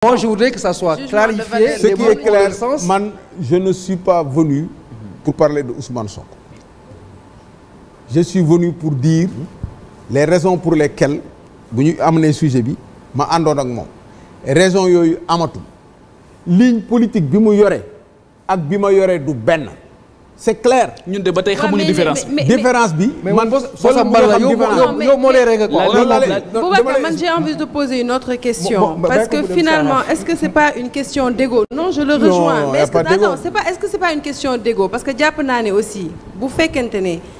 Moi, je voudrais que ça soit clarifié. Ce qui est clair, man, je ne suis pas venu pour parler de Ousmane Sonko. Je suis venu pour dire les raisons pour les lesquelles bu ñu am amené sujet bi ma àndoon ak moom raison yooyu amatul ligne politique bi mu yore ak bi ma yore du benn. c' est clair. ñun de ba tey ah, xamuñu différence bi. différence bi man soo xam yow moo lay rek quoi. Boubacar man j'ai envie de poser une autre question. parce que finalement est ce que c' est pas une question d'ego non je le rejoins. mais est ce que ah non c' est pas est ce que c' est pas une question d'ego parce que jàpp naa ne aussi bu fekkente ne.